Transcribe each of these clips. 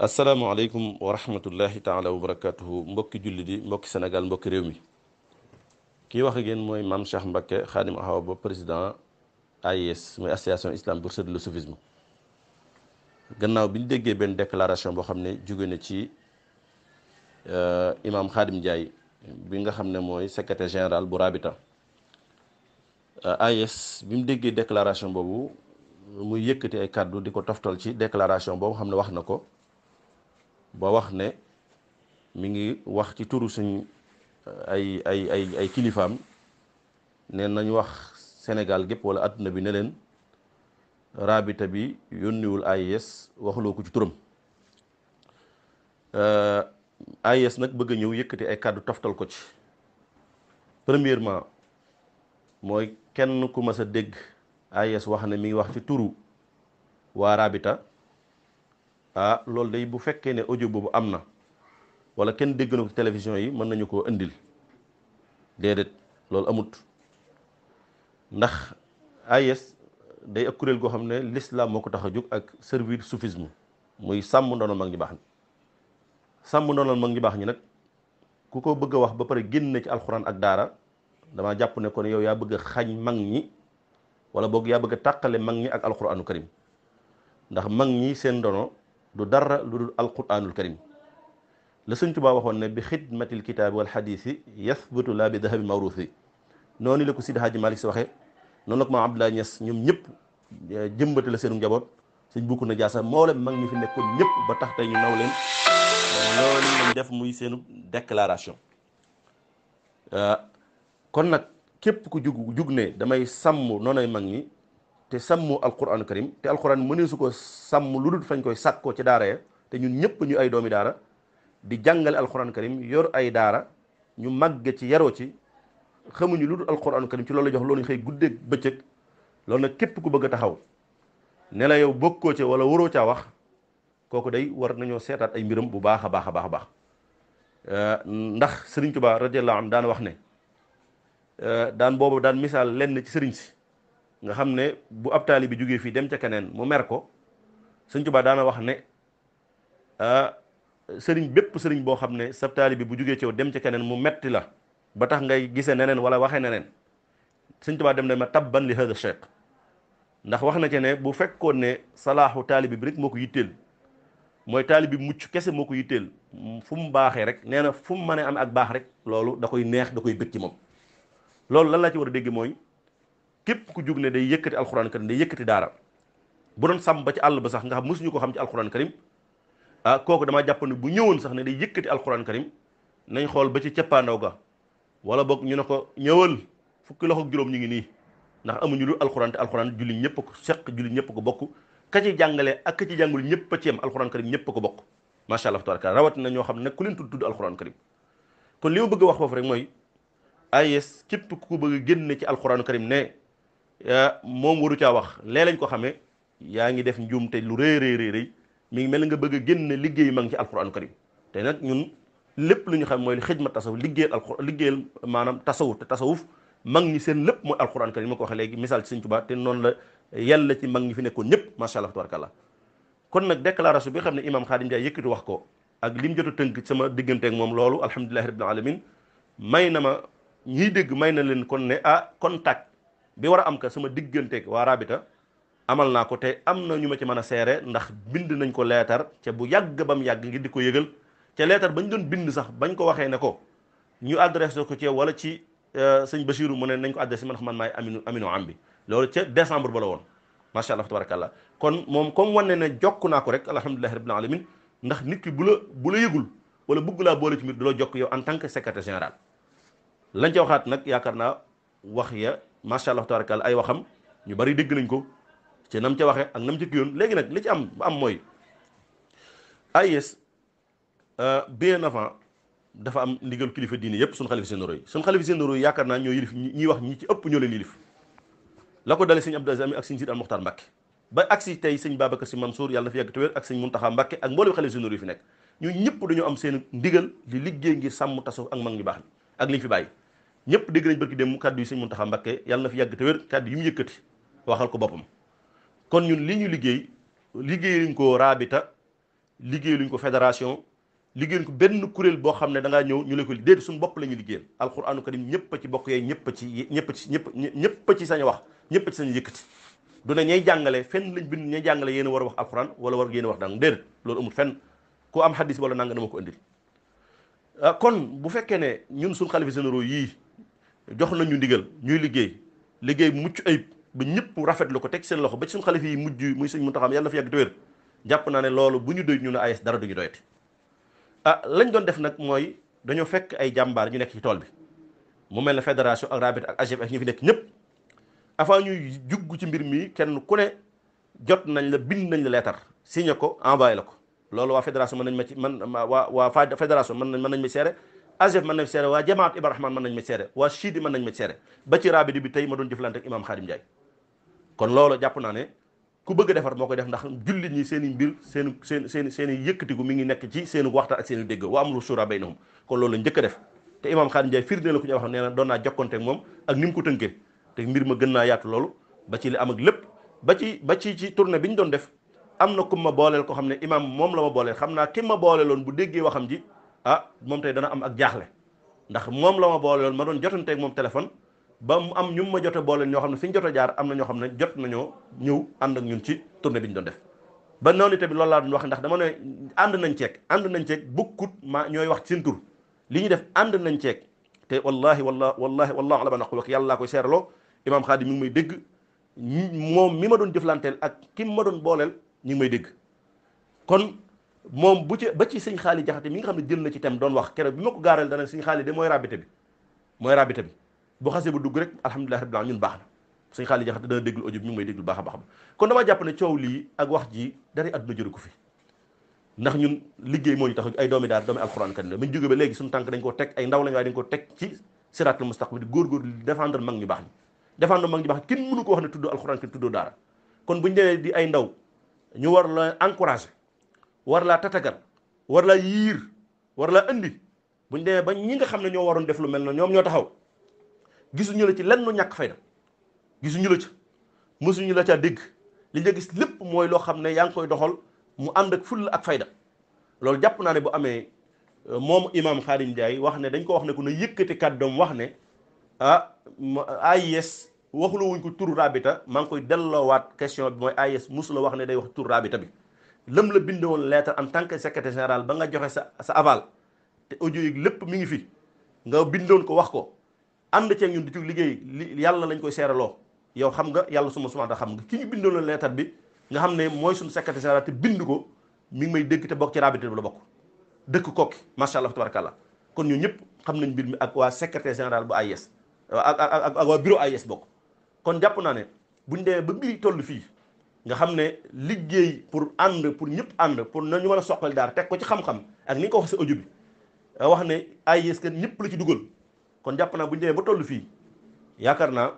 asalaamaaleykum wa rahmatullahi taala wa barakatuhu mbokki julli di mbokki senegal mbokki réew mi kii wax ak yéen mooy maam Cheikh Mbacke xaadim Awa Ba président AIS muy association islam le soufisme gannaaw bi déggee benn déclaration boo xam ne jóge na ci euh, imam xaadim Ndiaye bi nga xam ne mooy secrétaire général bu Rabita euh, AIS bi mu déggee déclaration boobu muy yëkkati ay kàddu di ko toftal ci déclaration boobu xam ne wax na ko. ba wax ne mi ngi wax ci turu suñ euh, ay ay ay ay kilifaam ne nañ wax Sénégal gépp wala àdduna bi ne leen rabita bi yónniwul AIS waxuloo ko ci turam euh, AIS nag bëgg a ñëw yëkkati ay kàddu toftal ko ci premièrement mooy kenn ku mas a dégg AIS wax ne mi ngi wax ci turu waa rabita ah loolu day bu fekkee ne audio boobu am na wala kenn dégg na ko télévision yi mën nañu koo indil déedéet loolu amut ndax AIS day ak kuréel goo xam ne l'islam moo ko tax a jóg ak servir soufisme muy sàmm ndono mag ñi baax ñi sàmm ndono mag ñi baax ñi nag ku ko bëgg wax ba pare génn ci alxuraan ak daara damaa jàpp ne kon yow yaa bëgg a xañ mag ñi wala boog yaa bëgg a tàqale mag ñi ak alxuraanu karim ndax mag ñi seen ndono du dara lu dul alquranul karim la Sëñ Tuubaa waxoon ne bi xidmatil kitaabi wal xadiisi yasbutu laa bi dahabi mawruusi noonu la ko Sidi Haaji Malick si waxee noonu la ko maam Abdoulaye Niass ñoom ñëpp eh, jëmbate la seenu njaboot sëñ bukku na jaasa mboolem mag ñi fi nekkoon ñëpp ba tax tey ñu naw leen loolu def muy seenu déclaration eh, kon nag képp ku jug jug ne damay sàmm noonay mag ñi te sàmm alquran karim te alquran mënee mëneesu ko sàmm lu dul fañ koy sàkkoo ci daara ya te ñun ñëpp ñu ay doomi daara di jàngale alquran karim yor ay daara ñu màgge ci yaroo ci xamuñu lu dul alquran karim ci loolu jox loolu ñu xëy guddeeg bëccëg loolu na képp ku bëgg a taxaw ne la yow bokkoo ca wala waroo caa wax kooku dey war nañoo seetaat ay mbiram bu baax a baax a baax a baax euh, ndax Serigne Touba radiyallahu anhu daan wax ne euh, daan boobu daan misaal lenn ci Serigne si. nga xam ne bu ab taali bi jógee fii dem ca keneen mu mer ko sëñ Tuubaa daana wax ne ah, sëriñ bépp sëriñ boo xam ne sab taali bi bu jugee ci dem ca keneen mu metti la ba tax ngay gisee neneen wala waxee neneen sëñ Tuubaa dem na ma tabban li hada cheikh ndax wax na ca ne bu fekkoon ne salaaxu taalibi bi rek moo ko yitteel mooy taalibi mucc kese moo ko yitteel fu mu baaxee rek nee na fu mu mënee am ak baax rek loolu da koy neex da koy bëgg ci moom loolu lan laa ci war a dégg mooy képp ku jug ne day yëkkati alxuraan karim day yëkkati daara bu doon sàmm ba ci àll ba sax nga xam suñu ko xam ci alxuraan karim ah kooku damaa jàpp ne bu ñëwoon sax ne day yëkkati alxuraan karim nañ xool ba ci cappaandaw ga wala boog ñu ne ko ñëwal fukki loxo juróom ñu ngi nii ndax amuñu lu alxuraan te alxuraan julli ñëpp ko seq julli ñëpp ko bokk ka ci jàngale ak ka ci a ci yem ñëpp ko bokk macha allah tabaraka rawat na ñoo xam ne nag ku leen tudd tudd alxuraan karim kon li ma bëgg a wax foofu rek mooy ay AIS képp ku bëgg génn ci alxuraan karim ne Euh, moom waru caa wax lee lañ ko xamee yaa ngi def njuum te lu rëy rëy rëy mi ngi mel nga bëgg a génne liggéey mag ci alquran karim te nag ñun lépp lu ñu xam mooy li xidma tasawuf liggéeyal alquran liggéeyal maanaam tasawuf te tasawuf mag ñi seen lépp mooy alquran karim ma ko waxee léegi misaal ci Sëñ Tuubaa te noonu la yàlla ci mag ñi fi nekkoon ñëpp macha allah tabarakallah kon nag déclaration bi nga xam ne imam Xaadim Njaay yëkkati wax ko ak li jot a tënk sama diggante ak moom loolu alhamdulilahi rabbil alamin may na ma ñiy may na leen kon ne ah contact bi war a am ka sama digganteeg waa Rabita amal naa ko te am na ñu ma ci mën a seere ndax bind nañ ko leetar ca bu yàgg ba mu yàgg ngi di ko yëgal ca leetar bañ doon bind sax bañ ko waxee ne ko ñu adressé ko ci wala ci euh, sëñ Bachirou mu ne nañ ko adressé man xam man maay aminu aminu am bi loolu ca décembre ba la woon macha allah tabarakallah kon moom comme wane ne jokk naa ko rek alhamdulilahi rabbil alamin ndax nit ki bu la bu la yëgul wala bëgg laa boole ci mbir du jokk yow en tant que secrétaire général lañ ca waxaat yaakaar naa ya macha allah tabarakal ay waxam ñu bari dégg nañ ko ci nam ca waxe ak nam ca kiyoon léegi nag li ci am ba am mooy AIS euh, bien avant dafa am ndigal kilifa diine yépp suñu xalifa généraux yi suñu xalifa généraux yi yaakaar naa ñoo yilif ñi wax ñi ci ëpp ñoo leen yilif la ko dale sëñ Abdou Aziz Ami ak sëñ Sidi al Moxtaar Mbàkke ba agsi tey sëñ Babacar Si Mansour yàlla na fi yàgg te wér ak sëñ Muntaxa Mbàkke ak mboolem xalifa généraux yi fi nekk ñu ñëpp dañoo am seen ndigal di liggéey ngir sàmm taso ak mag ñu baax ni ak liñ fi bàyyi ñëpp dégg nañ barki dem kàddu yi sëñ Muntaxa Mbàkke yàlla na fi yàgg te wér kàddu yi mu yëkkati waxal ko boppam kon ñun li ñuy liggéey liggéey luñ ko raabita liggéey luñ ko fédération liggéey ko benn kuréel boo xam ne da ngaa ñëw ñu la ko déedéet suñu bopp la ñu liggéeyal alquranu karim ñëpp a ci bokk yee ñëpp ci ñëpp ci ñëpp ñëpp ci sañ wax ñëpp a ci sañ yëkkati du ne ñay jàngale fenn lañ bind ñay jàngale yéen war a wax alquran wala war yéen wax dang déedéet loolu amul fenn ku am xadis wala nanga dama ko ah, kon bu fekkee ne ñun suñ xalifa généraux yii jox nañu ndigal ñuy liggéey liggéey mucc ayib ba ñëpp rafetlu ko teg seen loxo ba ci suñu xalifa yi mujj muy sëñ Muntaxa yàlla na fi yàgg te jàpp naa ne loolu bu ñu doy ñu ne AES dara ñu doyati ah lañ doon def nag mooy dañoo fekk ay jàmbaar ñu nekk ci tool bi mu mel ne fédération ak rabit ak AGF ak ñi fi nekk ñëpp avant ñuy jugg ci mbir mi kenn ku ne jot nañ la bind nañ la leetar signé ko envoyé la ko loolu waa fédération mën nañ ma ci man waa waa fédération mën nañ mën nañ ma seere AGF man nañ seere waa jamaat Ibrahima mën nañ ma seere waa Chidi mën nañ ma seere ba ci rabidi bi tey ma doon jëflante ak imam Khadim kon loolu jàpp naa ne ku bëgg defar moo koy def ndax jullit ñi seen i mbir seen seen seen seen i yëkkatiku mi ngi nekk ci seen waxtaan seen i dégg wa am lu suura baynahum kon loolu lañ njëkk a def te imam Khadim wax nee na doon naa jokkonte ak moom ak ni mu ko tënkee te mbir ma gën naa yaatu loolu ba ci li am ak lépp ba ci ba ci ci tournée bi ñu doon def am na ku ma booleel ko xam ne imam moom la ma booleel xam naa ki ma booleeloon bu déggee waxam ji ah moom tey dana am ak jaaxle ndax moom la ma boole ma doon jotanteek moom téléphone ba mu am ñu ma jot a ñoo xam ne fi joto jaar am na ñoo xam ne jot nañoo ñëw ànd ak ñun ci tournée bi ñu doon def ba noonu tamit lool laa doon wax ndax dama ne ànd nañ ceeg ànd nañ ceeg bukkut ma ñooy wax seen li ñu def ànd nañ ceeg te wallahi wala wallahi wallahu ala ma naqul ak yàlla laa koy seeraloo imaam Xaadim mi ngi may dégg moom mi ma doon jëflanteel ak ki ma doon booleel ñu may dégg moom bu ci ba ci sëñ xaali jaxate mi nga xam ne jël na ci tem doon wax keroog bi ma ko gaaral dana sëñ xaali de mooy rabité bi mooy rabité bi bu xasee ba dugg rek alhamdulilah rabbil ñun baax na sëñ xaali jaxate dana déglu audio bi ñu ngi may déglu baax a baax kon dama jàpp ne coow lii ak wax ji dara àdduna jëru ko fi ndax ñun liggéey moo ñu tax ay doomi daara doomi alxuraan kan la jóge ñu jógee ba léegi suñu tànk dañ koo teg ay ndaw lañ waaye dañ koo teg ci siratul mustaqbil góorgóor défendre mag ñu baax ñi défendre mag ñu baax kenn mënu ko wax ne tuddoo alxuraan kan tuddoo daara kon buñu demee di ay ndaw ñu war la encouragé war laa tatagal war laa yiir war laa andi buñ demee ba ñi nga xam ne ñoo waroon def lu mel na ñoom ñoo taxaw gisuñu la ci lenn lu ñàkk fayda gisuñu la ci mësuñu la caa dégg li nga gis lépp mooy loo xam ne yaa ngi koy doxal mu ànd ak fulla ak fayda loolu jàpp naa ne bu amee euh, moom imaam Xaadim Njaay wax ne dañ ko wax ne ku ne yëkkati kàddoom wax ne ah AIS la wuñ ko tur rabita maa ngi koy delloowaat question bi mooy AIS musu la wax ne day wax tur bi lëm la bind woon lettre en tant que secrétaire général ba nga joxe sa sa aval te audio yi lépp mi ngi fi nga bindoon ko wax ko ànd ceeg ñun di ci liggéey li yàlla lañ koy seeraloo yow xam nga yàlla suma suma xam nga ki ñu bindoon leetar bi nga xam ne mooy suñu secrétaire général te bind ko mu ngi may dégg te bokk ci rabité bi la bokk dëkk kokki macha allah tabarakallah kon ñun ñëpp xam nañ mbir mi ak waa secrétaire général bu AIS ak ak ak waa bureau bokk kon jàpp naa ne buñ demee ba mbiri toll fii nga xam ne liggéey pour ànd pour ñëpp ànd pour nañu mën a soqali daara teg ko ci xam-xam ak ni ko wax si audio bi nga wax ne ay est-ce ñëpp la ci dugal kon jàpp naa bu ñu demee ba toll fii yaakaar naa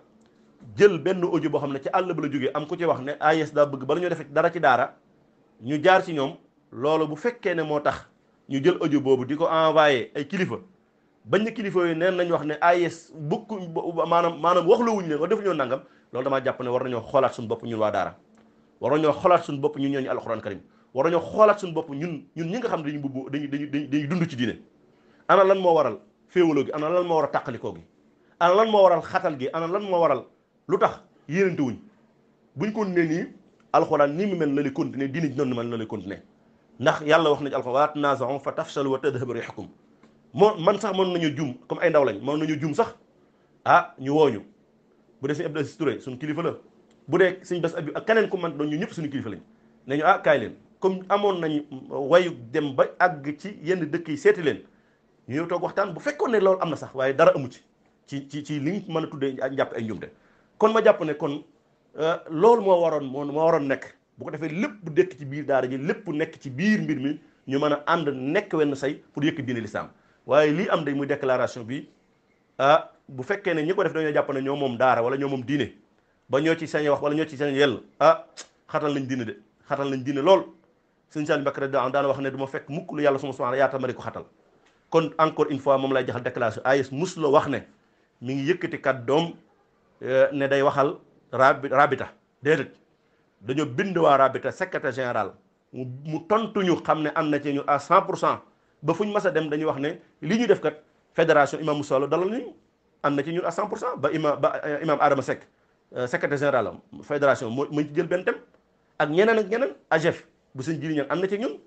jël benn audio boo xam ne ci àll ba la jógee am ku ci wax ne AIS daa bëgg bala ñoo def dara ci daara ñu jaar ci ñoom loolu bu fekkee ne moo tax ñu jël audio boobu di ko envoyé ay kilifa bañ na kilifa yooyu neen nañ wax ne AIS bukk maanaam maanaam wax la wuñ leen wax defuñoo nangam loolu damaa jàpp ne war nañoo xoolaat suñu bopp ñun waa daara waroon ñoo xoolaat suñu bopp ñun ñooñu alxuraan karim waroon ñoo xoolaat suñu ñun ñun ñi nga xam ne dañu bubb dañu dañu dañuy dund ci diine ana lan moo waral féewaloo gi ana lan moo waral tàqalikoo gi ana lan moo waral xatal gi ana lan moo waral lu tax yéenante wuñ buñ ko nee nii alxuraan nii mu mel na lay continuer diine ji noonu mel na lay continuer ndax yàlla wax na ci alxuraan wa tanaaza'u fa tafshalu wa tadhhaba riihukum moo man sax mën nañu jum comme ay ndaw lañ mën nañu jum sax ah ñu wooñu bu dee si Abdou Aziz Touré kilifa la bu dee suñ bés abi ak keneen ku man doon ñu ñëpp suñu kilifa lañ ne ñu ah kaay leen comme amoon nañ euh, wayu dem ba àgg ci yenn dëkk yi seeti leen ñu ñëw toog waxtaan bu fekkoon ne loolu am na sax waaye dara amu ci ci ci ci liñ mën a tuddee njàpp ay njumte kon ma jàpp ne kon euh, loolu moo waroon moo moo waroon nekk bu ko defee lépp dëkk ci biir daara ji lépp nekk ci biir mbir mi ñu mën a ànd nekk wenn say pour yëkk diine lislaam waaye lii am day muy déclaration bi ah bu fekkee ne ñi ko def dañoo jàpp ne ñoo moom daara wala ñoo moom diine ba ñoo ci sañ wax wala ñoo ci sañ yell ah xatal lañ diine de xatal lañ diine lool sëñ Saliou Mbacké daan wax ne du fekk mukk lu yàlla suma subhaana yaatal ma di ko xatal kon encore une fois moom lay jaxal déclaration AIS mus la wax ne mi ngi yëkkati doom euh, ne day waxal rabi rabita déedéet dañoo bind waa rabita secrétaire général mu tontuñu xam ne am na ci ñu à cent pour cent ba fuñ mas a dem dañuy wax ne li ñu def kat fédération imam Moussa Lo dalal nañu am na ci ñu à 100 pour cent ba imam ba euh, imam Adama Seck Euh, secrétaire général am fédération moo mën ci jël benn thème ak ñeneen ak ñeneen AGF bu sëñ jiri ñan am na ci ñun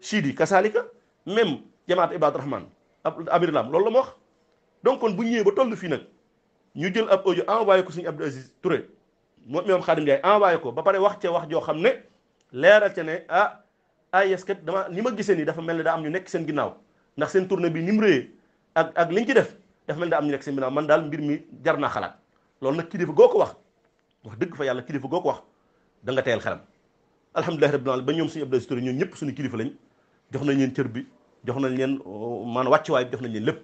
Chidi Kasalika même jamaat Ibad Rahman Amir Lam loolu la mu wax donc kon bu ñëwee ba toll fii nag ñu jël ab audio envoyé ko suñu Abdou Aziz Touré moom imam Khadim Ndiaye envoyé ko ba pare wax ca wax joo xam ne leeral ca ne ah AIS kat dama ni ma gisee nii dafa mel ne daa am ñu nekk seen ginnaaw ndax seen tournée bi ni mu rëyee ak ak liñ ci def dafa mel ne am ñu nekk seen man daal mbir mi jar naa xalaat loolu nag kilifa goo ko wax. wax dëgg fa yàlla kilifa goo ko wax da nga teyal xelam alhamdulilahi rabbil alamin ba ñoom suñu Abdoulaye Touré ñoom ñëpp suñu kilifa lañ jox nañ leen cër bi jox nañ leen oh, maanaam wàccuwaay bi jox nañ leen lépp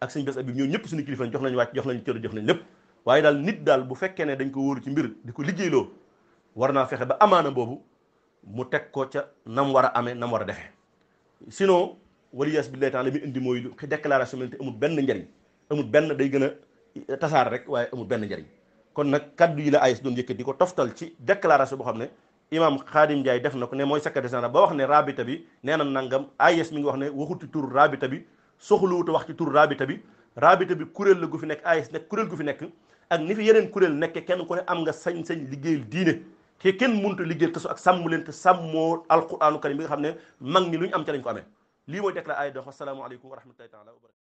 ak sëñ bés bi ñoom ñëpp suñu kilifa lañ jox nañ wàcc jox nañ cër jox nañ lépp waaye daal nit daal bu fekkee ne dañ ko wóoru ci mbir di ko liggéeyloo war naa fexe ba amaana boobu mu teg ko ca nam war a amee nam war a defee sinon waliyaas billahi taala mi indi mooy déclaration mel te amul benn njariñ amul benn day gën a tasaar rek waaye amul benn njariñ kon nag kaddu yi la AIS doon yëkkati di ko toftal ci déclaration boo xam ne imam Khadim njaay def na ko ne mooy secrétaire général ba wax ne rabita bi nee na nangam AIS mi ngi wax ne waxuti tur rabita bi soxluwuta wax ci tur rabita bi rabita bi kuréel la gu fi nekk AIS nekk kuréel gu fi nekk ak ni fi yeneen kuréel nekke kenn ku am nga sañ-sañ liggéeyal diine te kenn mënut a liggéeyal kasu ak sàmm leen te sàmmoo alquranu karim bi nga xam ne mag ñi lu am ca lañ ko amee lii mooy déclaré ay wa rahmatullahi taala wa barakatu